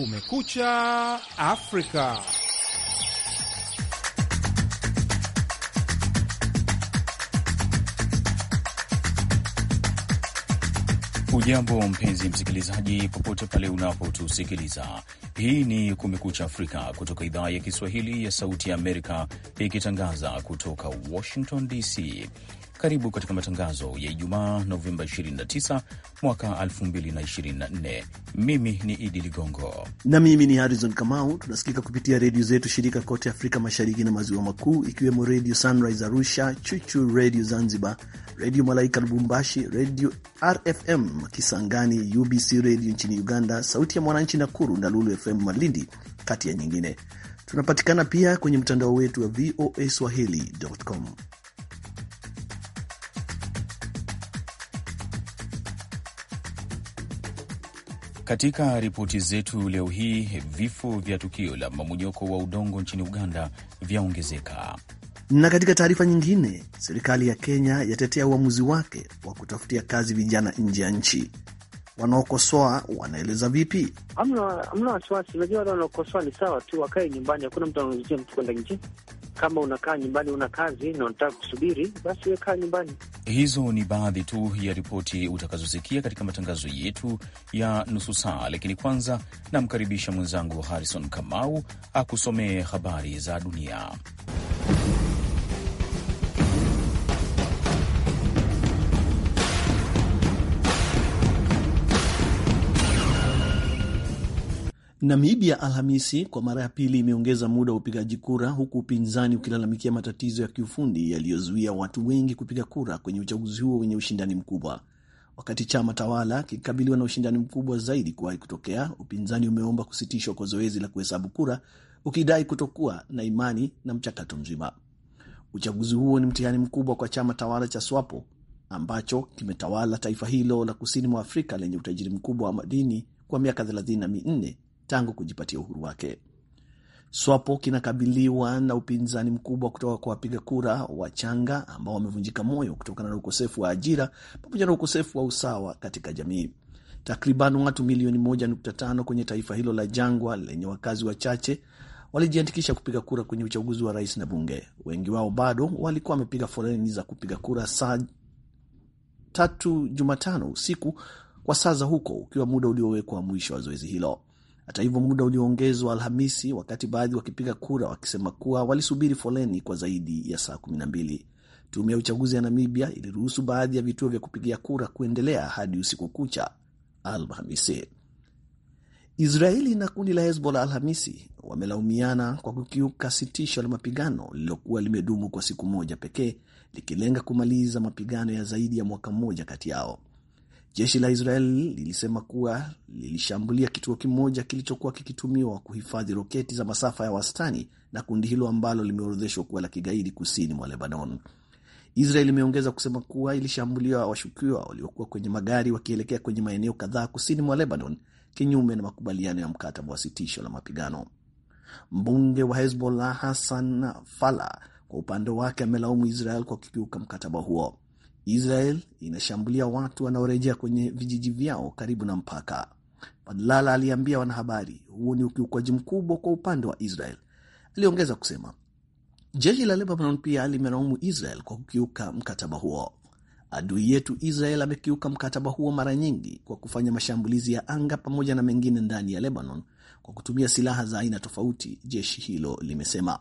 Kumekucha Afrika. Ujambo mpenzi msikilizaji, popote pale unapotusikiliza. Hii ni Kumekucha Afrika kutoka idhaa ya Kiswahili ya Sauti ya Amerika, ikitangaza kutoka Washington DC. Karibu katika matangazo ya Ijumaa, Novemba 29 mwaka 2024. Mimi ni Idi Ligongo na mimi ni Harrison Kamau. Tunasikika kupitia redio zetu shirika kote Afrika Mashariki na Maziwa Makuu, ikiwemo Redio Sunrise Arusha, Chuchu Redio Zanzibar, Redio Malaika Lubumbashi, Redio RFM Kisangani, UBC Redio nchini Uganda, Sauti ya Mwananchi Nakuru na Lulu FM Malindi, kati ya nyingine. Tunapatikana pia kwenye mtandao wetu wa VOA swahili.com. Katika ripoti zetu leo hii, vifo vya tukio la mamonyoko wa udongo nchini Uganda vyaongezeka. Na katika taarifa nyingine, serikali ya Kenya yatetea uamuzi wake wa kutafutia kazi vijana nje ya nchi. Wanaokosoa wanaeleza vipi? Hamna wasiwasi, unajua wale wanaokosoa ni sawa tu, wakae nyumbani, hakuna mtu anauzia mtu kwenda nje kama unakaa nyumbani, una kazi na unataka kusubiri, basi wekaa nyumbani. Hizo ni baadhi tu ya ripoti utakazosikia katika matangazo yetu ya nusu saa, lakini kwanza namkaribisha mwenzangu Harrison Kamau akusomee habari za dunia. Namibia Alhamisi kwa mara ya pili imeongeza muda wa upigaji kura huku upinzani ukilalamikia matatizo ya kiufundi yaliyozuia watu wengi kupiga kura kwenye uchaguzi huo wenye ushindani mkubwa. Wakati chama tawala kikikabiliwa na ushindani mkubwa zaidi kuwahi kutokea, upinzani umeomba kusitishwa kwa zoezi la kuhesabu kura, ukidai kutokuwa na imani na mchakato mzima. Uchaguzi huo ni mtihani mkubwa kwa chama tawala cha SWAPO ambacho kimetawala taifa hilo la kusini mwa Afrika lenye utajiri mkubwa wa madini kwa miaka 34 tangu kujipatia uhuru wake. SWAPO kinakabiliwa na upinzani mkubwa kutoka kwa wapiga kura wachanga ambao wamevunjika moyo kutokana na ukosefu wa ajira pamoja na ukosefu wa usawa katika jamii. Takriban watu milioni 1.5 kwenye taifa hilo la jangwa lenye wakazi wachache walijiandikisha kupiga kura kwenye uchaguzi wa rais na bunge. Wengi wao bado walikuwa wamepiga foleni za kupiga kura saa tatu Jumatano usiku kwa saa za huko, ukiwa muda uliowekwa mwisho wa zoezi hilo. Hata hivyo, muda ulioongezwa Alhamisi, wakati baadhi wakipiga kura wakisema kuwa walisubiri foleni kwa zaidi ya saa 12. Tume ya uchaguzi ya Namibia iliruhusu baadhi ya vituo vya kupigia kura kuendelea hadi usiku kucha Alhamisi. Israeli na kundi la Hezbollah Alhamisi wamelaumiana kwa kukiuka sitisho la mapigano lililokuwa limedumu kwa siku moja pekee likilenga kumaliza mapigano ya zaidi ya mwaka mmoja kati yao. Jeshi la Israel lilisema kuwa lilishambulia kituo kimoja kilichokuwa kikitumiwa kuhifadhi roketi za masafa ya wastani na kundi hilo ambalo limeorodheshwa kuwa la kigaidi kusini mwa Lebanon. Israel imeongeza kusema kuwa ilishambulia washukiwa waliokuwa kwenye magari wakielekea kwenye maeneo kadhaa kusini mwa Lebanon, kinyume na makubaliano ya mkataba wa sitisho la mapigano. Mbunge wa Hezbollah Hassan Fala kwa upande wake amelaumu Israel kwa kukiuka mkataba huo. Israel inashambulia watu wanaorejea kwenye vijiji vyao karibu na mpaka. Fadlala aliambia wanahabari, huu ni ukiukwaji mkubwa kwa upande wa Israel. Aliongeza kusema jeshi la Lebanon pia limelaumu Israel kwa kukiuka mkataba huo. Adui yetu Israel amekiuka mkataba huo mara nyingi kwa kufanya mashambulizi ya anga pamoja na mengine ndani ya Lebanon kwa kutumia silaha za aina tofauti, jeshi hilo limesema.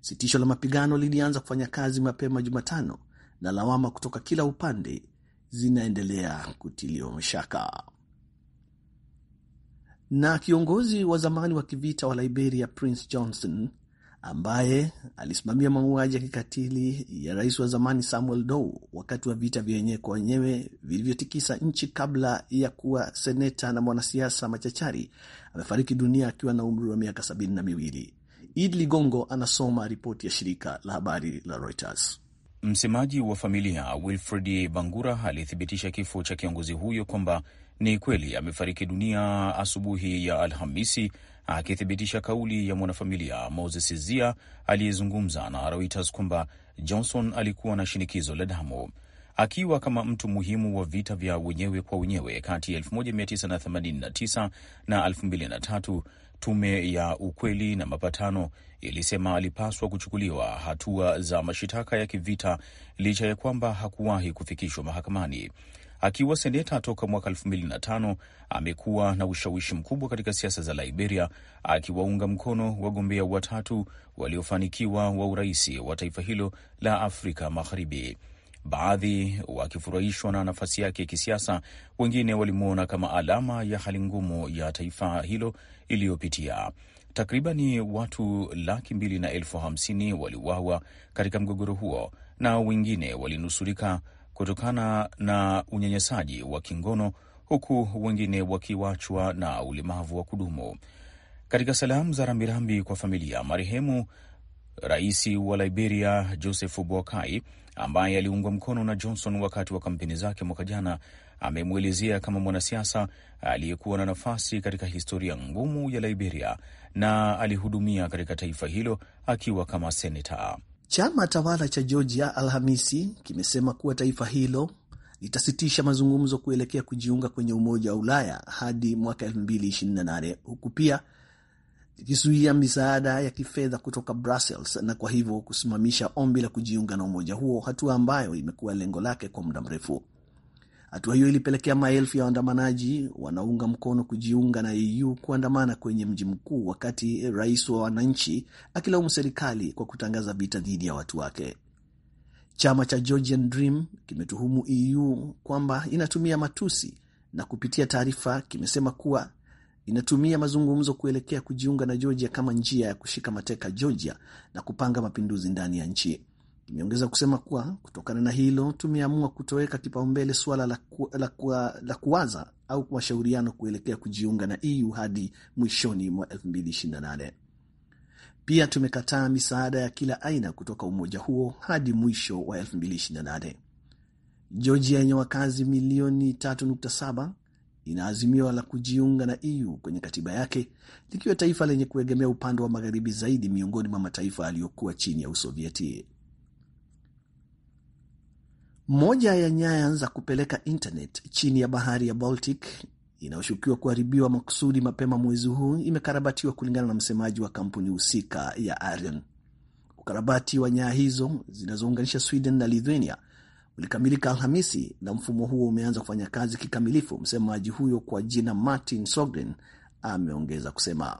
Sitisho la mapigano lilianza kufanya kazi mapema Jumatano na lawama kutoka kila upande zinaendelea kutiliwa mashaka. Na kiongozi wa zamani wa kivita wa Liberia Prince Johnson ambaye alisimamia mauaji ya kikatili ya rais wa zamani Samuel Doe wakati wa vita vya wenyewe kwa wenyewe vilivyotikisa nchi kabla ya kuwa seneta na mwanasiasa machachari amefariki dunia akiwa na umri wa miaka sabini na miwili. Idli Ligongo anasoma ripoti ya shirika la habari la Reuters. Msemaji wa familia Wilfred Bangura alithibitisha kifo cha kiongozi huyo kwamba ni kweli amefariki dunia asubuhi ya Alhamisi, akithibitisha kauli ya mwanafamilia Moses Zia aliyezungumza na Reuters kwamba Johnson alikuwa na shinikizo la damu. Akiwa kama mtu muhimu wa vita vya wenyewe kwa wenyewe kati ya 1989 na 2003, Tume ya Ukweli na Mapatano ilisema alipaswa kuchukuliwa hatua za mashitaka ya kivita licha ya kwamba hakuwahi kufikishwa mahakamani. Akiwa seneta toka mwaka 2005 amekuwa na ushawishi mkubwa katika siasa za Liberia, akiwaunga mkono wagombea watatu waliofanikiwa wa urais wa taifa hilo la Afrika Magharibi baadhi wakifurahishwa na nafasi yake ya kisiasa, wengine walimwona kama alama ya hali ngumu ya taifa hilo iliyopitia. Takribani watu laki mbili na elfu hamsini waliuawa katika mgogoro huo na wengine walinusurika kutokana na unyanyasaji wa kingono huku wengine wakiwachwa na ulemavu wa kudumu. Katika salamu za rambirambi kwa familia marehemu, rais wa Liberia Joseph Boakai ambaye aliungwa mkono na Johnson wakati wa kampeni zake mwaka jana, amemwelezea kama mwanasiasa aliyekuwa na nafasi katika historia ngumu ya Liberia na alihudumia katika taifa hilo akiwa kama seneta. Chama tawala cha Georgia Alhamisi kimesema kuwa taifa hilo litasitisha mazungumzo kuelekea kujiunga kwenye Umoja wa Ulaya hadi mwaka 2028 huku pia ikizuia misaada ya kifedha kutoka Brussels na kwa hivyo kusimamisha ombi la kujiunga na umoja huo, hatua ambayo imekuwa lengo lake kwa muda mrefu. Hatua hiyo ilipelekea maelfu ya waandamanaji wanaunga mkono kujiunga na EU kuandamana kwenye mji mkuu, wakati rais wa wananchi akilaumu serikali kwa kutangaza vita dhidi ya watu wake. Chama cha Georgian Dream kimetuhumu EU kwamba inatumia matusi na kupitia taarifa kimesema kuwa inatumia mazungumzo kuelekea kujiunga na Georgia kama njia ya kushika mateka Georgia na kupanga mapinduzi ndani ya nchi. Imeongeza kusema kuwa kutokana na hilo, tumeamua kutoweka kipaumbele suala la, ku, la, ku, la kuwaza au mashauriano kuelekea kujiunga na EU hadi mwishoni mwa 2028. Pia tumekataa misaada ya kila aina kutoka umoja huo hadi mwisho wa 2028. Georgia yenye wakazi milioni ina azimio la kujiunga na EU kwenye katiba yake likiwa taifa lenye kuegemea upande wa magharibi zaidi miongoni mwa mataifa yaliyokuwa chini ya Usovieti. Moja ya nyaya za kupeleka internet chini ya bahari ya Baltic inayoshukiwa kuharibiwa makusudi mapema mwezi huu imekarabatiwa kulingana na msemaji wa kampuni husika ya Arion. Ukarabati wa nyaya hizo zinazounganisha Sweden na Lithuania ulikamilika Alhamisi na mfumo huo umeanza kufanya kazi kikamilifu, msemaji huyo kwa jina Martin Sogren ameongeza kusema.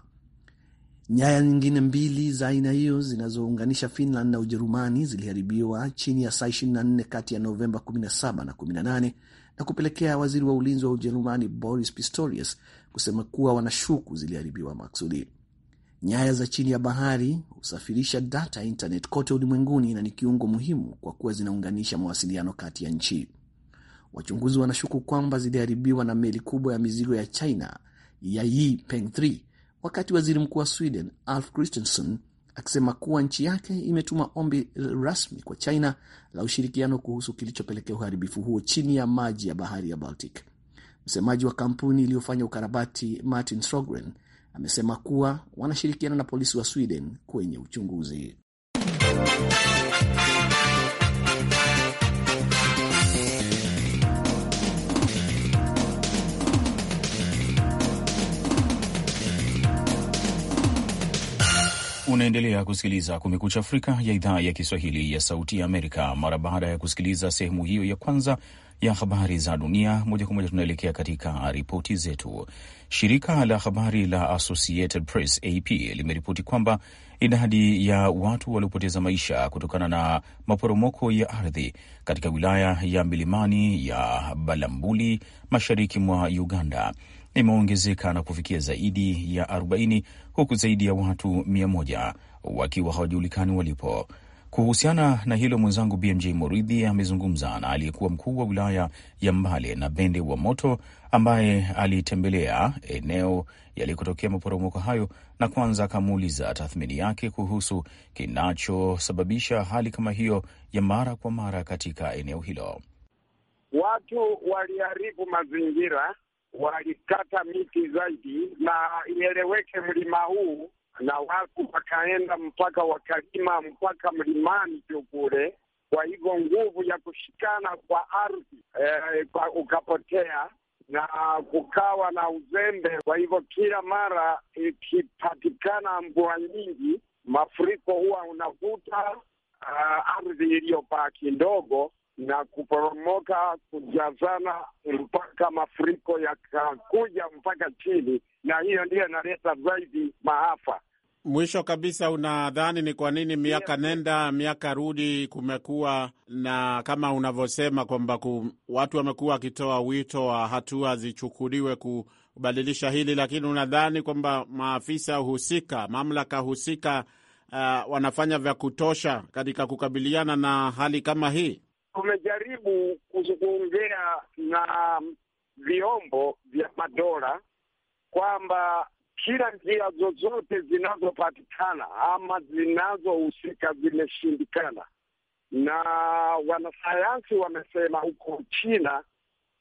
Nyaya nyingine mbili za aina hiyo zinazounganisha Finland na Ujerumani ziliharibiwa chini ya saa 24 kati ya Novemba 17 na 18 na kupelekea waziri wa ulinzi wa Ujerumani Boris Pistorius kusema kuwa wanashuku ziliharibiwa maksudi. Nyaya za chini ya bahari husafirisha data ya internet kote ulimwenguni na ni kiungo muhimu kwa kuwa zinaunganisha mawasiliano kati ya nchi. Wachunguzi wanashuku kwamba ziliharibiwa na meli kubwa ya mizigo ya China ya Yi Peng 3 wakati waziri mkuu wa Sweden Alf christenson akisema kuwa nchi yake imetuma ombi rasmi kwa China la ushirikiano kuhusu kilichopelekea uharibifu huo chini ya maji ya bahari ya Baltic. Msemaji wa kampuni iliyofanya ukarabati Martin Sogren amesema kuwa wanashirikiana na polisi wa Sweden kwenye uchunguzi. Unaendelea kusikiliza Kumekucha Afrika ya idhaa ya Kiswahili ya Sauti ya Amerika. Mara baada ya kusikiliza sehemu hiyo ya kwanza ya habari za dunia, moja kwa moja tunaelekea katika ripoti zetu. Shirika la habari la Associated Press AP limeripoti kwamba idadi ya watu waliopoteza maisha kutokana na maporomoko ya ardhi katika wilaya ya milimani ya Balambuli mashariki mwa Uganda imeongezeka na kufikia zaidi ya 40 huku zaidi ya watu 100 wakiwa hawajulikani walipo. Kuhusiana na hilo, mwenzangu BMJ Moridhi amezungumza na aliyekuwa mkuu wa wilaya ya Mbale na Bende wa Moto ambaye alitembelea eneo yalikotokea maporomoko hayo, na kwanza akamuuliza tathmini yake kuhusu kinachosababisha hali kama hiyo ya mara kwa mara katika eneo hilo. Watu waliharibu mazingira walikata miti zaidi, na ieleweke mlima huu na watu wakaenda mpaka wakalima mpaka mlimani tu kule. Kwa hivyo nguvu ya kushikana kwa ardhi eh, ukapotea na kukawa na uzembe. Kwa hivyo kila mara ikipatikana mvua nyingi, mafuriko huwa unavuta uh, ardhi iliyopaa kidogo na kuporomoka kujazana mpaka mafuriko yakakuja mpaka chini, na hiyo ndiyo inaleta zaidi maafa. Mwisho kabisa, unadhani ni kwa nini miaka yeah, nenda miaka rudi kumekuwa na kama unavyosema kwamba watu wamekuwa wakitoa wito wa hatua zichukuliwe kubadilisha hili, lakini unadhani kwamba maafisa husika, mamlaka husika, uh, wanafanya vya kutosha katika kukabiliana na hali kama hii? tumejaribu kuzungumzea na vyombo vya madola kwamba kila njia zozote zinazopatikana ama zinazohusika zimeshindikana, na wanasayansi wamesema huko China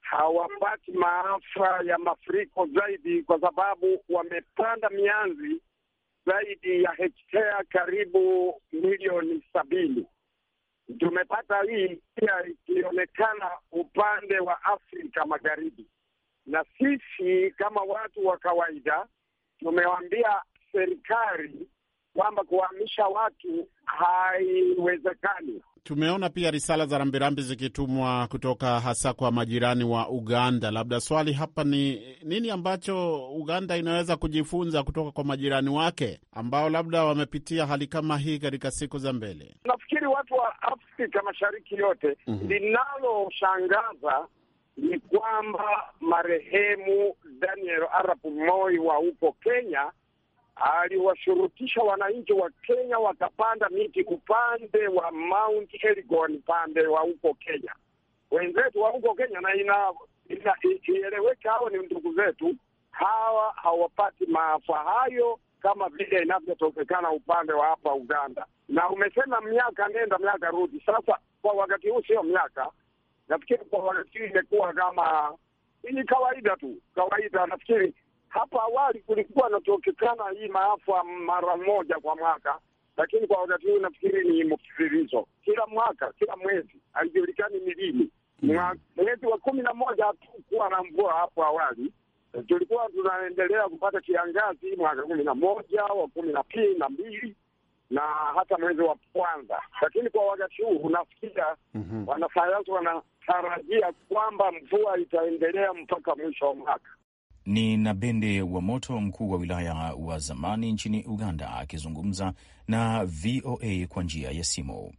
hawapati maafa ya mafuriko zaidi, kwa sababu wamepanda mianzi zaidi ya hektea karibu milioni sabini tumepata hii pia ikionekana upande wa Afrika Magharibi, na sisi kama watu wa kawaida tumewaambia serikali kwamba kuhamisha watu haiwezekani. Tumeona pia risala za rambirambi zikitumwa kutoka hasa kwa majirani wa Uganda. Labda swali hapa ni nini ambacho Uganda inaweza kujifunza kutoka kwa majirani wake ambao labda wamepitia hali kama hii katika siku za mbele? Nafikiri watu wa Afrika Mashariki yote, mm -hmm. linaloshangaza ni kwamba marehemu Daniel Arap Moi wa huko Kenya aliwashurutisha wananchi wa Kenya wakapanda miti upande wa Mount Elgon, pande wa huko Kenya, wenzetu wa huko Kenya, na ina, ina, ieleweka hawa ni ndugu zetu hawa, hawapati maafa hayo kama vile inavyotokekana upande wa hapa Uganda. Na umesema miaka nenda miaka rudi. Sasa kwa wakati huu sio miaka, nafikiri kwa wakati huu imekuwa kama ni kawaida tu, kawaida. Nafikiri hapo awali kulikuwa anatokekana hii maafa mara moja kwa mwaka, lakini kwa wakati huu nafikiri ni mfululizo, kila mwaka, kila mwezi, haijulikani ni lini. Mm. Mwezi wa kumi na moja hatukuwa na mvua hapo awali, tulikuwa tunaendelea kupata kiangazi mwaka kumi na moja wa kumi na pili na mbili na hata mwezi wa kwanza, lakini kwa wakati huu unafikia mm -hmm. Wanasayansi wanatarajia kwamba mvua itaendelea mpaka mwisho wa mwaka. Ni Nabende wa Moto, mkuu wa wilaya wa zamani nchini Uganda, akizungumza na VOA kwa njia ya simu.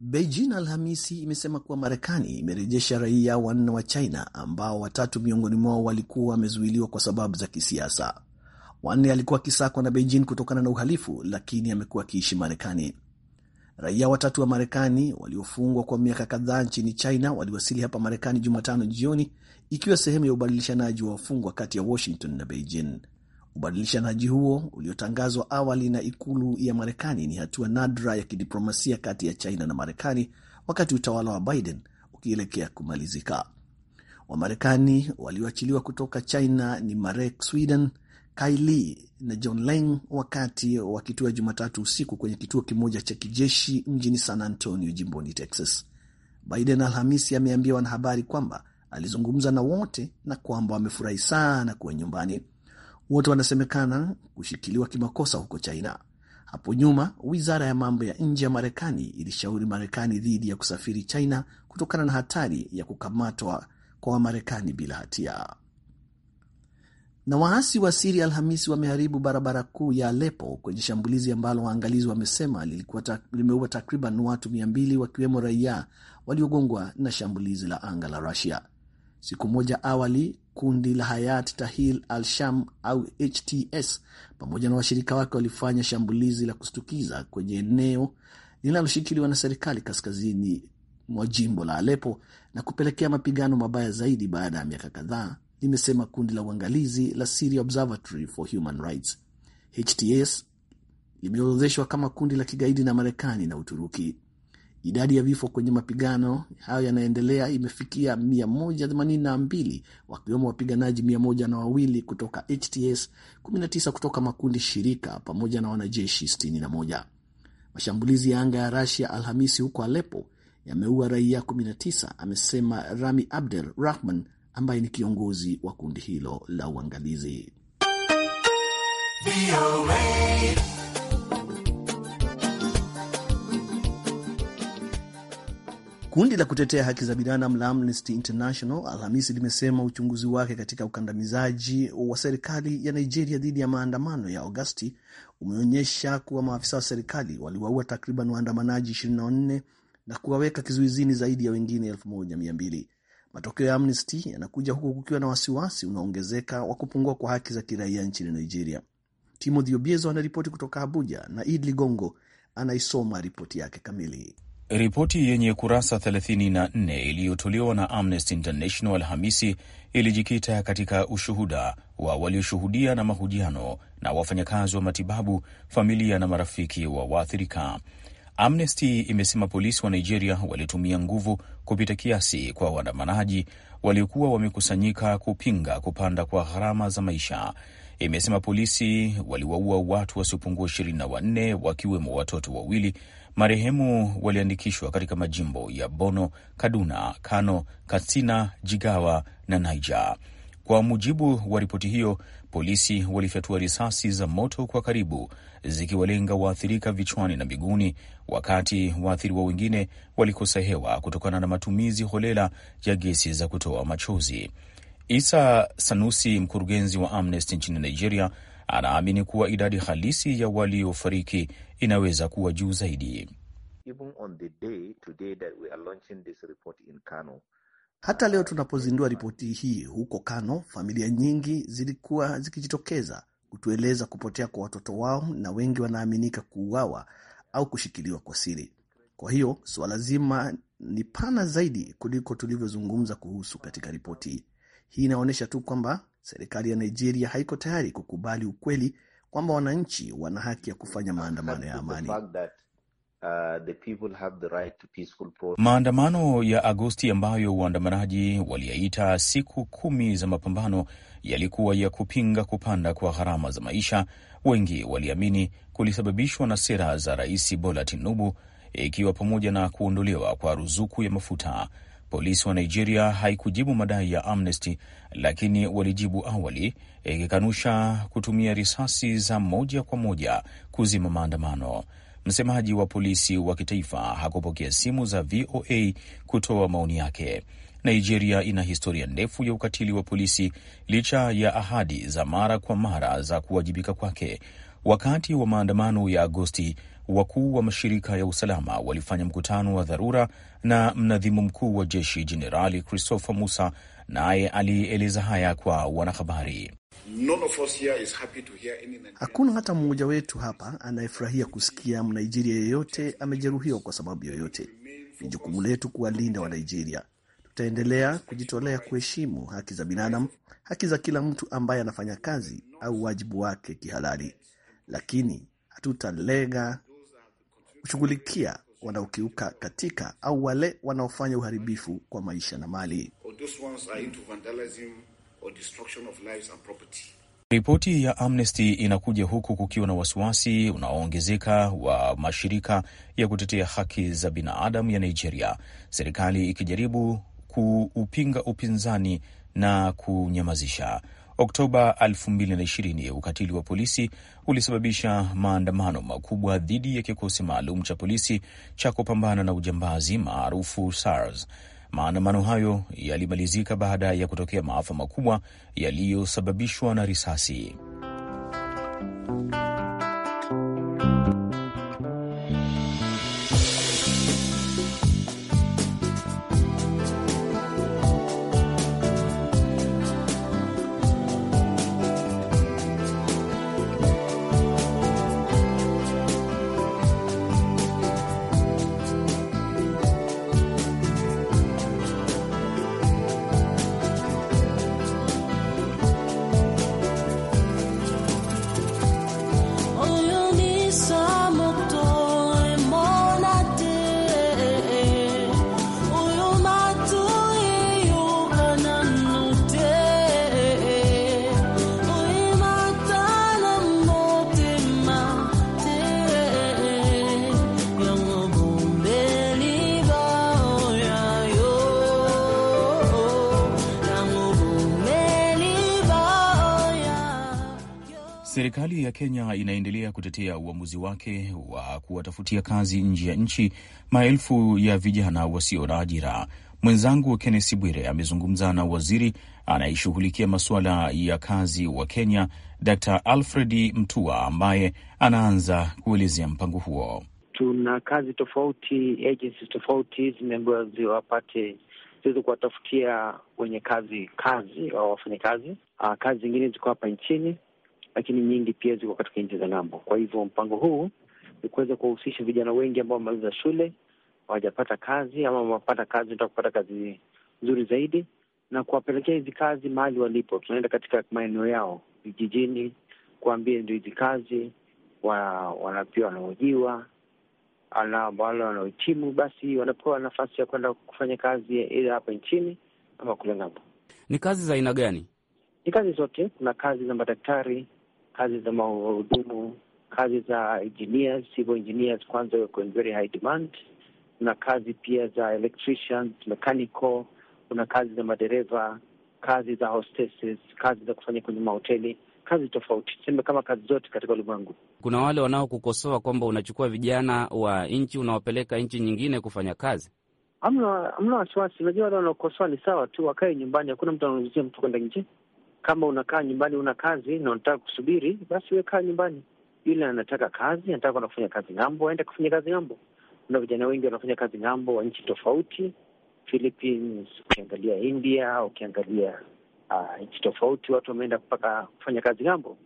Beijing Alhamisi imesema kuwa Marekani imerejesha raia wanne wa China ambao watatu miongoni mwao walikuwa wamezuiliwa kwa sababu za kisiasa. Wanne alikuwa akisakwa na Beijing kutokana na uhalifu, lakini amekuwa akiishi Marekani. Raia watatu wa Marekani waliofungwa kwa miaka kadhaa nchini China waliwasili hapa Marekani Jumatano jioni, ikiwa sehemu ya ubadilishanaji wa wafungwa kati ya Washington na Beijing. Ubadilishanaji huo uliotangazwa awali na ikulu ya Marekani ni hatua nadra ya kidiplomasia kati ya China na Marekani wakati utawala wa Biden ukielekea kumalizika. Wamarekani walioachiliwa kutoka China ni Marek Sweden, Kaili na John Lang wakati wakitua Jumatatu usiku kwenye kituo kimoja cha kijeshi mjini San Antonio jimboni Texas. Biden Alhamisi ameambia wanahabari kwamba alizungumza na wote na kwamba wamefurahi sana kuwa nyumbani. Wote wanasemekana kushikiliwa kimakosa huko China. Hapo nyuma wizara ya mambo ya nje ya Marekani ilishauri Marekani dhidi ya kusafiri China kutokana na hatari ya kukamatwa kwa Wamarekani bila hatia na waasi wa Siria Alhamisi wameharibu barabara kuu ya Alepo kwenye shambulizi ambalo waangalizi wamesema limeua takriban watu 200 wakiwemo raia waliogongwa na shambulizi la anga la Rusia. Siku moja awali, kundi la Hayat Tahrir al-Sham au HTS pamoja na washirika wake walifanya shambulizi la kustukiza kwenye eneo linaloshikiliwa na serikali kaskazini mwa jimbo la Alepo na kupelekea mapigano mabaya zaidi baada ya miaka kadhaa limesema kundi la uangalizi la Syria Observatory for Human Rights. HTS limeorodheshwa kama kundi la kigaidi na Marekani na Uturuki. Idadi ya vifo kwenye mapigano hayo yanaendelea imefikia 182 wakiwemo wapiganaji 102 kutoka HTS, 19 kutoka makundi shirika pamoja na wanajeshi 61. Mashambulizi ya anga ya Rasia Alhamisi huko Alepo yameua raia 19, amesema Rami Abdel Rahman, ambaye ni kiongozi wa kundi hilo la uangalizi. Kundi la kutetea haki za binadamu la Amnesty International Alhamisi limesema uchunguzi wake katika ukandamizaji wa serikali ya Nigeria dhidi ya maandamano ya Agosti umeonyesha kuwa maafisa wa serikali waliwaua takriban waandamanaji 24 na kuwaweka kizuizini zaidi ya wengine 1200. Matokeo ya Amnesty yanakuja huku kukiwa na wasiwasi unaoongezeka wa kupungua kwa haki za kiraia nchini Nigeria. Timothy Obiezo anaripoti kutoka Abuja na Id Ligongo anaisoma ripoti yake kamili. Ripoti yenye kurasa 34 iliyotolewa na Amnesty International Alhamisi ilijikita katika ushuhuda wa walioshuhudia na mahojiano na wafanyakazi wa matibabu, familia na marafiki wa waathirika. Amnesty imesema polisi wa Nigeria walitumia nguvu kupita kiasi kwa waandamanaji waliokuwa wamekusanyika kupinga kupanda kwa gharama za maisha. Imesema polisi waliwaua watu wasiopungua ishirini na wanne wakiwemo watoto wawili. Marehemu waliandikishwa katika majimbo ya bono Kaduna, Kano, Katsina, Jigawa na Niger. Kwa mujibu wa ripoti hiyo, polisi walifyatua risasi za moto kwa karibu zikiwalenga waathirika vichwani na miguuni, wakati waathiriwa wengine walikosa hewa kutokana na matumizi holela ya gesi za kutoa machozi. Isa Sanusi, mkurugenzi wa Amnesty nchini Nigeria, anaamini kuwa idadi halisi ya waliofariki inaweza kuwa juu zaidi. Even on the day today that we are launching this report in Kano, hata leo tunapozindua ripoti hii huko Kano, familia nyingi zilikuwa zikijitokeza kutueleza kupotea kwa watoto wao, na wengi wanaaminika kuuawa au kushikiliwa kwa siri. Kwa hiyo suala zima ni pana zaidi kuliko tulivyozungumza kuhusu katika ripoti hii. inaonyesha tu kwamba serikali ya Nigeria haiko tayari kukubali ukweli kwamba wananchi wana haki ya kufanya maandamano ya amani. Uh, the people have the right to peaceful protest. Maandamano ya Agosti ambayo waandamanaji waliyaita siku kumi za mapambano yalikuwa ya kupinga kupanda kwa gharama za maisha, wengi waliamini kulisababishwa na sera za Rais Bola Tinubu, ikiwa pamoja na kuondolewa kwa ruzuku ya mafuta. Polisi wa Nigeria haikujibu madai ya Amnesty, lakini walijibu awali, ikikanusha kutumia risasi za moja kwa moja kuzima maandamano. Msemaji wa polisi wa kitaifa hakupokea simu za VOA kutoa maoni yake. Nigeria ina historia ndefu ya ukatili wa polisi licha ya ahadi za mara kwa mara za kuwajibika kwake. Wakati wa maandamano ya Agosti, wakuu wa mashirika ya usalama walifanya mkutano wa dharura na mnadhimu mkuu wa jeshi Jenerali Christopher Musa, naye alieleza haya kwa wanahabari. Hakuna hata mmoja wetu hapa anayefurahia kusikia Mnaijeria yeyote amejeruhiwa kwa sababu yoyote. Ni jukumu letu kuwalinda Wanaijeria. Tutaendelea kujitolea kuheshimu haki za binadamu, haki za kila mtu ambaye anafanya kazi au wajibu wake kihalali, lakini hatutalega kushughulikia wanaokiuka katika au wale wanaofanya uharibifu kwa maisha na mali or destruction of lives and property. Ripoti ya Amnesty inakuja huku kukiwa na wasiwasi unaoongezeka wa mashirika ya kutetea haki za binadamu ya Nigeria, serikali ikijaribu kuupinga upinzani na kunyamazisha. Oktoba 2020 ukatili wa polisi ulisababisha maandamano makubwa dhidi ya kikosi maalum cha polisi cha kupambana na ujambazi maarufu SARS Maandamano hayo yalimalizika baada ya kutokea maafa makubwa yaliyosababishwa na risasi. Kenya inaendelea kutetea uamuzi wake wa kuwatafutia kazi nje ya nchi maelfu ya vijana wasio na ajira. Mwenzangu Kennesi Bwire amezungumza na waziri anayeshughulikia masuala ya kazi wa Kenya, Dr Alfred Mtua, ambaye anaanza kuelezea mpango huo. Tuna kazi tofauti, agencies tofauti zimeambiwa ziwapate ziweze kuwatafutia wenye kazi kazi au wafanya kazi. Ah, kazi zingine ziko hapa nchini lakini nyingi pia ziko katika nchi za ng'ambo. Kwa hivyo mpango huu ni kuweza kuwahusisha vijana wengi ambao wamemaliza shule hawajapata kazi ama wamepata kazi, nataka kupata kazi nzuri zaidi, na kuwapelekea hizi kazi mahali walipo. Tunaenda katika maeneo yao vijijini, kuambia ndio hizi kazi wana pia wanaojiwa wale wanaohitimu basi wanapewa nafasi ya kwenda kufanya kazi ile hapa nchini ama kule ng'ambo. Ni kazi za aina gani? Ni kazi zote. Kuna kazi za madaktari, kazi za mahudumu, kazi za engineers, civil engineers kwanza wako in very high demand. Kuna kazi pia za electricians, mechanical, kuna kazi za madereva, kazi za hostesses, kazi za kufanya kwenye mahoteli kazi tofauti, sema kama kazi zote katika ulimwengu. Kuna wale wanaokukosoa kwamba unachukua vijana wa nchi unawapeleka nchi nyingine kufanya kazi. Hamna wasiwasi, unajua wale wanaokosoa ni sawa tu, wakae nyumbani. Hakuna mtu anauzia mtu kwenda nje. Kama unakaa nyumbani, una kazi na unataka kusubiri, basi wekaa nyumbani. Yule anataka kazi, anataka kwenda kufanya kazi ng'ambo, aende kufanya kazi ng'ambo. Kuna vijana wengi wanafanya kazi ng'ambo wa nchi tofauti, Philippines, ukiangalia India, ukiangalia uh, nchi tofauti, watu wameenda mpaka kufanya kazi ng'ambo.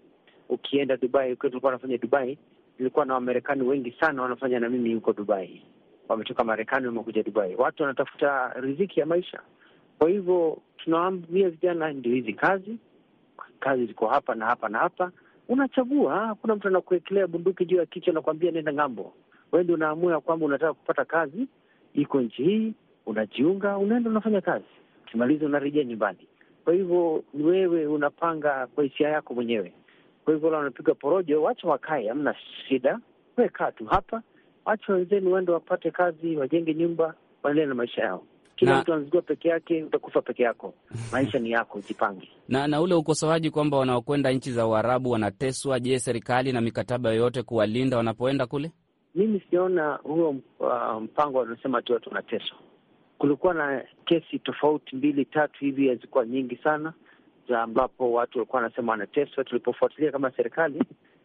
Ukienda Dubai, ukiwa tulikuwa Dubai, nilikuwa na Wamarekani wengi sana wanafanya na mimi huko Dubai, wametoka Marekani wamekuja Dubai. Watu wanatafuta riziki ya maisha, kwa hivyo tunawaambia vijana, ndio hizi kazi kazi ziko hapa na hapa na hapa, unachagua. Kuna mtu anakuekelea bunduki juu ya kichwa, nakwambia nenda ng'ambo. Wewe ndio unaamua kwamba unataka kupata kazi iko nchi hii, unajiunga, unaenda, unafanya kazi, ukimaliza unarejea nyumbani. Kwa hivyo wewe unapanga kwa hisia yako mwenyewe. Kwa hivyo wanapiga porojo, wacha wakae, hamna shida, wekaa tu hapa, wacha wenzenu waende wapate kazi, wajenge nyumba, waendelee na maisha yao. Kila mtu anazikwa peke yake, utakufa peke yako. Maisha ni yako, jipange. Na na ule ukosoaji kwamba wanaokwenda nchi za Uarabu wanateswa, je, serikali na mikataba yoyote kuwalinda wanapoenda kule? Mimi sijaona huo uh, mpango wanaosema tu watu wanateswa. Kulikuwa na kesi tofauti mbili tatu hivi, hazikuwa nyingi sana za ambapo watu walikuwa wanasema wanateswa. Tulipofuatilia kama serikali,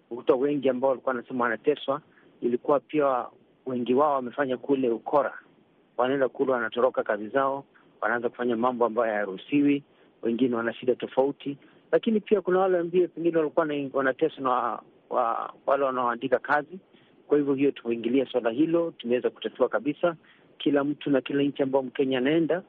ukuta wengi ambao walikuwa wanasema wanateswa, ilikuwa pia wengi wao wamefanya kule ukora wanaenda kule, wanatoroka kazi zao, wanaanza kufanya mambo ambayo hayaruhusiwi. Wengine wana shida tofauti, lakini pia kuna wale ambao pengine walikuwa wanateswa na wa, wale wanaoandika kazi. Kwa hivyo hiyo tumeingilia swala hilo, tumeweza kutatua kabisa. Kila mtu na kila nchi ambayo Mkenya anaenda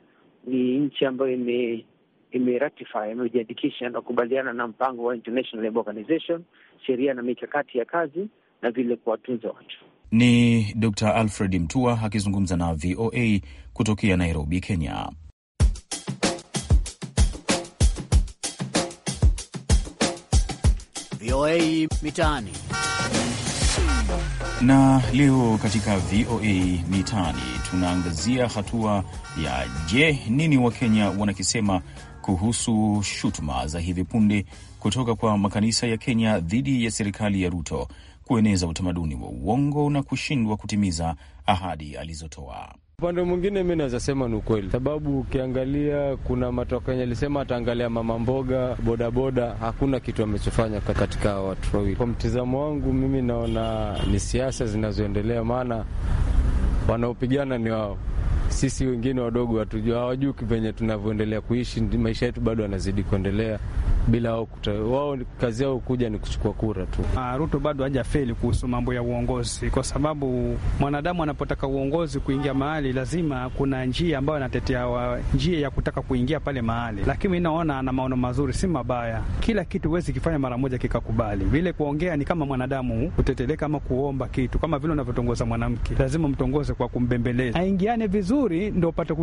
ni nchi ambayo ime imeratify imejiandikisha na kukubaliana na mpango wa International Labour Organization, sheria na mikakati ya kazi na vile kuwatunza watu. Ni Dr Alfred Mtua akizungumza na VOA kutokea Nairobi, Kenya. VOA Mitaani. Na leo katika VOA Mitaani tunaangazia hatua ya je, nini Wakenya wanakisema kuhusu shutuma za hivi punde kutoka kwa makanisa ya Kenya dhidi ya serikali ya Ruto kueneza utamaduni wa uongo na kushindwa kutimiza ahadi alizotoa. Upande mwingine mi naweza sema ni ukweli, sababu ukiangalia kuna matokeo yenye alisema ataangalia mama mboga, bodaboda, hakuna kitu amechofanya katika watu wawili. Kwa mtizamo wangu mimi naona ni siasa zinazoendelea, maana wanaopigana ni wao sisi wengine wadogo hatujua, hawajui venye tunavyoendelea kuishi maisha yetu, bado anazidi kuendelea bila wao wao, kazi yao kuja ni kuchukua kura tu. Ah, Ruto bado hajafeli kuhusu mambo ya uongozi, kwa sababu mwanadamu anapotaka uongozi kuingia mahali, lazima kuna njia ambayo anatetea njia ya kutaka kuingia pale mahali, lakini mimi naona ana maono mazuri, si mabaya. Kila kitu huwezi kifanya mara moja kikakubali. Vile kuongea ni kama mwanadamu kuteteleka ama kuomba kitu, kama vile unavyotongoza mwanamke, lazima mtongoze kwa kumbembeleza, aingiane vizuri ndo upate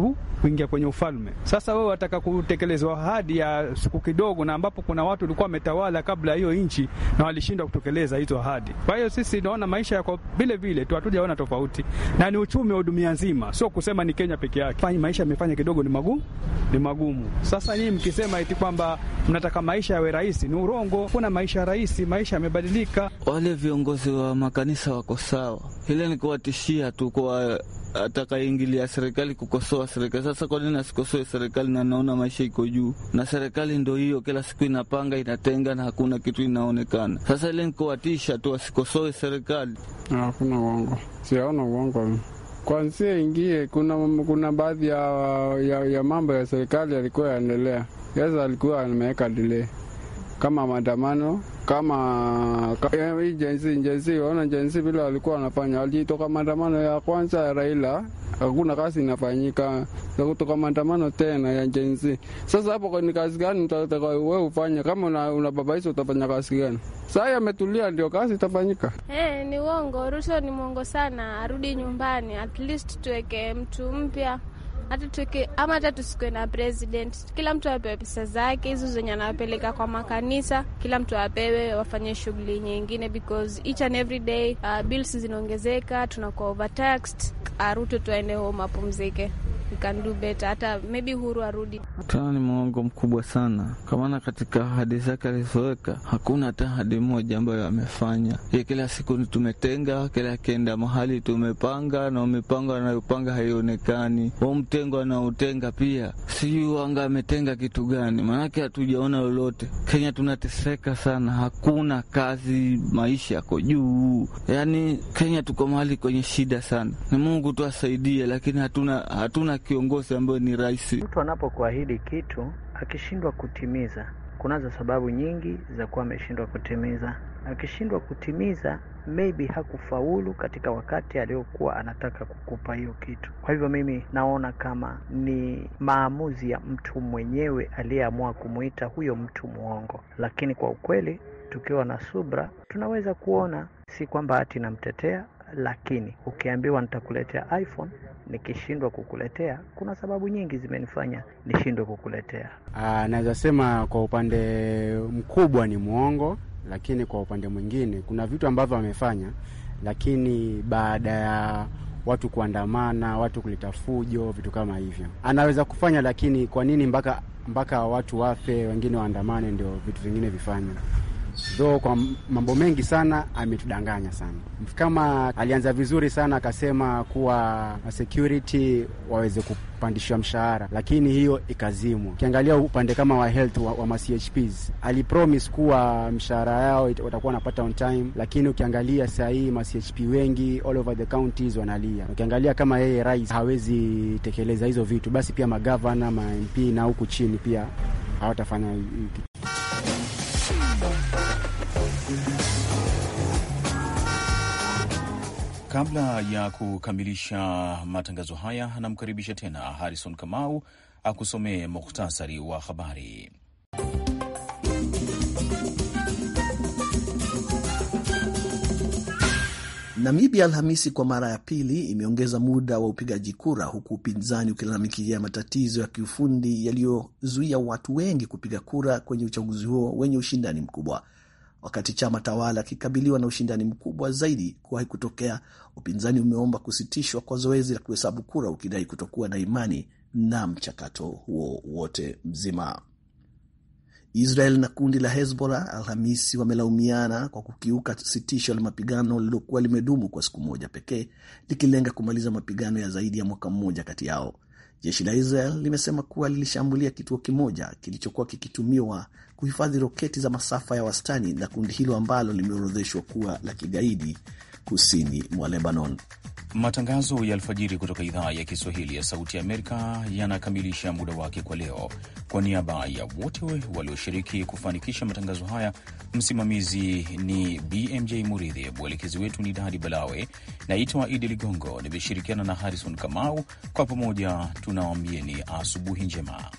kuingia kwenye ufalme. Sasa wewe wataka kutekelezwa ahadi ya siku kidogo na ambapo ambapo kuna watu walikuwa wametawala kabla hiyo nchi na walishindwa kutekeleza hizo ahadi. Kwa hiyo sisi naona maisha yako vile vile tu, hatujaona tofauti, na ni uchumi wa dunia nzima, sio kusema ni Kenya peke yake. Maisha yamefanya kidogo ni magumu, ni magumu. Sasa nyinyi mkisema eti kwamba mnataka maisha yawe rahisi, ni urongo. Kuna maisha rahisi, maisha yamebadilika. Wale viongozi wa makanisa wako sawa, ile ni kuwatishia tu kwa atakayeingilia serikali kukosoa serikali. Sasa kwa nini asikosoe serikali? Na naona maisha iko juu, na serikali ndo hiyo, kila siku inapanga inatenga, na hakuna kitu inaonekana. Sasa ile nikowatisha tu asikosoe serikali, ah, hakuna uongo, siaona uongo kwanzia ingie. Kuna, kuna baadhi ya, ya, ya mambo ya serikali yalikuwa yaendelea, sasa alikuwa ameweka delay kama maandamano kama hii jenzi jenzi, waona jenzi vile walikuwa wanafanya, walitoka maandamano ya kwanza ya Raila, hakuna kazi inafanyika, kutoka maandamano tena ya jenzi. Sasa hapo ni kazi gani utataka wewe ufanye? Kama una, una baba hizo utafanya kazi gani? Saa yametulia ndio kazi itafanyika. Hey, eh, ni uongo. Ruto ni mwongo sana, arudi nyumbani, at least tuweke mtu mpya hata tuki, ama hata tusikuwe na president, kila mtu apewe pesa zake hizo zenye anapeleka kwa makanisa, kila mtu apewe wafanye shughuli nyingine, because each and every day uh, bills zinaongezeka, tunakuwa overtaxed. Ruto tuende home apumzike we can do better, hata maybe huru arudi. Tena ni mwongo mkubwa sana, kwa maana katika ahadi zake alizoweka hakuna hata ahadi moja ambayo amefanya. Ye kila siku ni tumetenga, kila akienda mahali tumepanga, na mipango anayopanga haionekani, Wa mtengo anaotenga pia sijui wanga ametenga kitu gani, maanake hatujaona lolote. Kenya tunateseka sana, hakuna kazi, maisha yako juu, yaani Kenya tuko mahali kwenye shida sana. Ni Mungu tu asaidie, lakini hatuna hatuna kiongozi ambayo ni rais. Mtu anapokuahidi kitu akishindwa kutimiza, kunazo sababu nyingi za kuwa ameshindwa kutimiza. Akishindwa kutimiza maybe hakufaulu katika wakati aliyokuwa anataka kukupa hiyo kitu. Kwa hivyo mimi naona kama ni maamuzi ya mtu mwenyewe aliyeamua kumwita huyo mtu mwongo, lakini kwa ukweli, tukiwa na subra tunaweza kuona, si kwamba hati namtetea, lakini ukiambiwa nitakuletea iPhone nikishindwa kukuletea, kuna sababu nyingi zimenifanya nishindwe kukuletea. Ah, naweza sema kwa upande mkubwa ni mwongo, lakini kwa upande mwingine kuna vitu ambavyo amefanya, lakini baada ya watu kuandamana, watu kuleta fujo, vitu kama hivyo anaweza kufanya, lakini kwa nini mpaka mpaka watu wafe, wengine waandamane, ndio vitu vingine vifanye? so kwa mambo mengi sana ametudanganya sana. Kama alianza vizuri sana akasema kuwa security waweze kupandishwa mshahara, lakini hiyo ikazimwa. Ukiangalia upande kama wa health wa, wa ma alipromise kuwa mshahara yao watakuwa wanapata on time, lakini ukiangalia saa hii wengi all over the counties wanalia. Ukiangalia kama yeye rais hawezi tekeleza hizo vitu, basi pia magavana ma MP na huku chini pia hawatafanya Kabla ya kukamilisha matangazo haya, anamkaribisha tena Harrison Kamau akusomee muhtasari wa habari. Namibia Alhamisi kwa mara ya pili imeongeza muda wa upigaji kura huku upinzani ukilalamikia matatizo ya kiufundi yaliyozuia watu wengi kupiga kura kwenye uchaguzi huo wenye ushindani mkubwa. Wakati chama tawala kikabiliwa na ushindani mkubwa zaidi kuwahi kutokea, upinzani umeomba kusitishwa kwa zoezi la kuhesabu kura, ukidai kutokuwa na imani na mchakato huo wote mzima. Israel na kundi la Hezbollah Alhamisi wamelaumiana kwa kukiuka sitisho la mapigano lililokuwa limedumu kwa siku moja pekee likilenga kumaliza mapigano ya zaidi ya mwaka mmoja kati yao. Jeshi la Israel limesema kuwa lilishambulia kituo kimoja kilichokuwa kikitumiwa kuhifadhi roketi za masafa ya wastani na kundi hilo ambalo limeorodheshwa kuwa la kigaidi kusini mwa Lebanon. Matangazo ya alfajiri kutoka idhaa ya Kiswahili ya Sauti ya Amerika yanakamilisha muda wake kwa leo. Kwa niaba ya wote walioshiriki kufanikisha matangazo haya, msimamizi ni BMJ Muridhi, mwelekezi wetu ni Dadi Balawe. Naitwa Idi Ligongo, nimeshirikiana na Harrison Kamau. Kwa pamoja tunawaambieni asubuhi njema.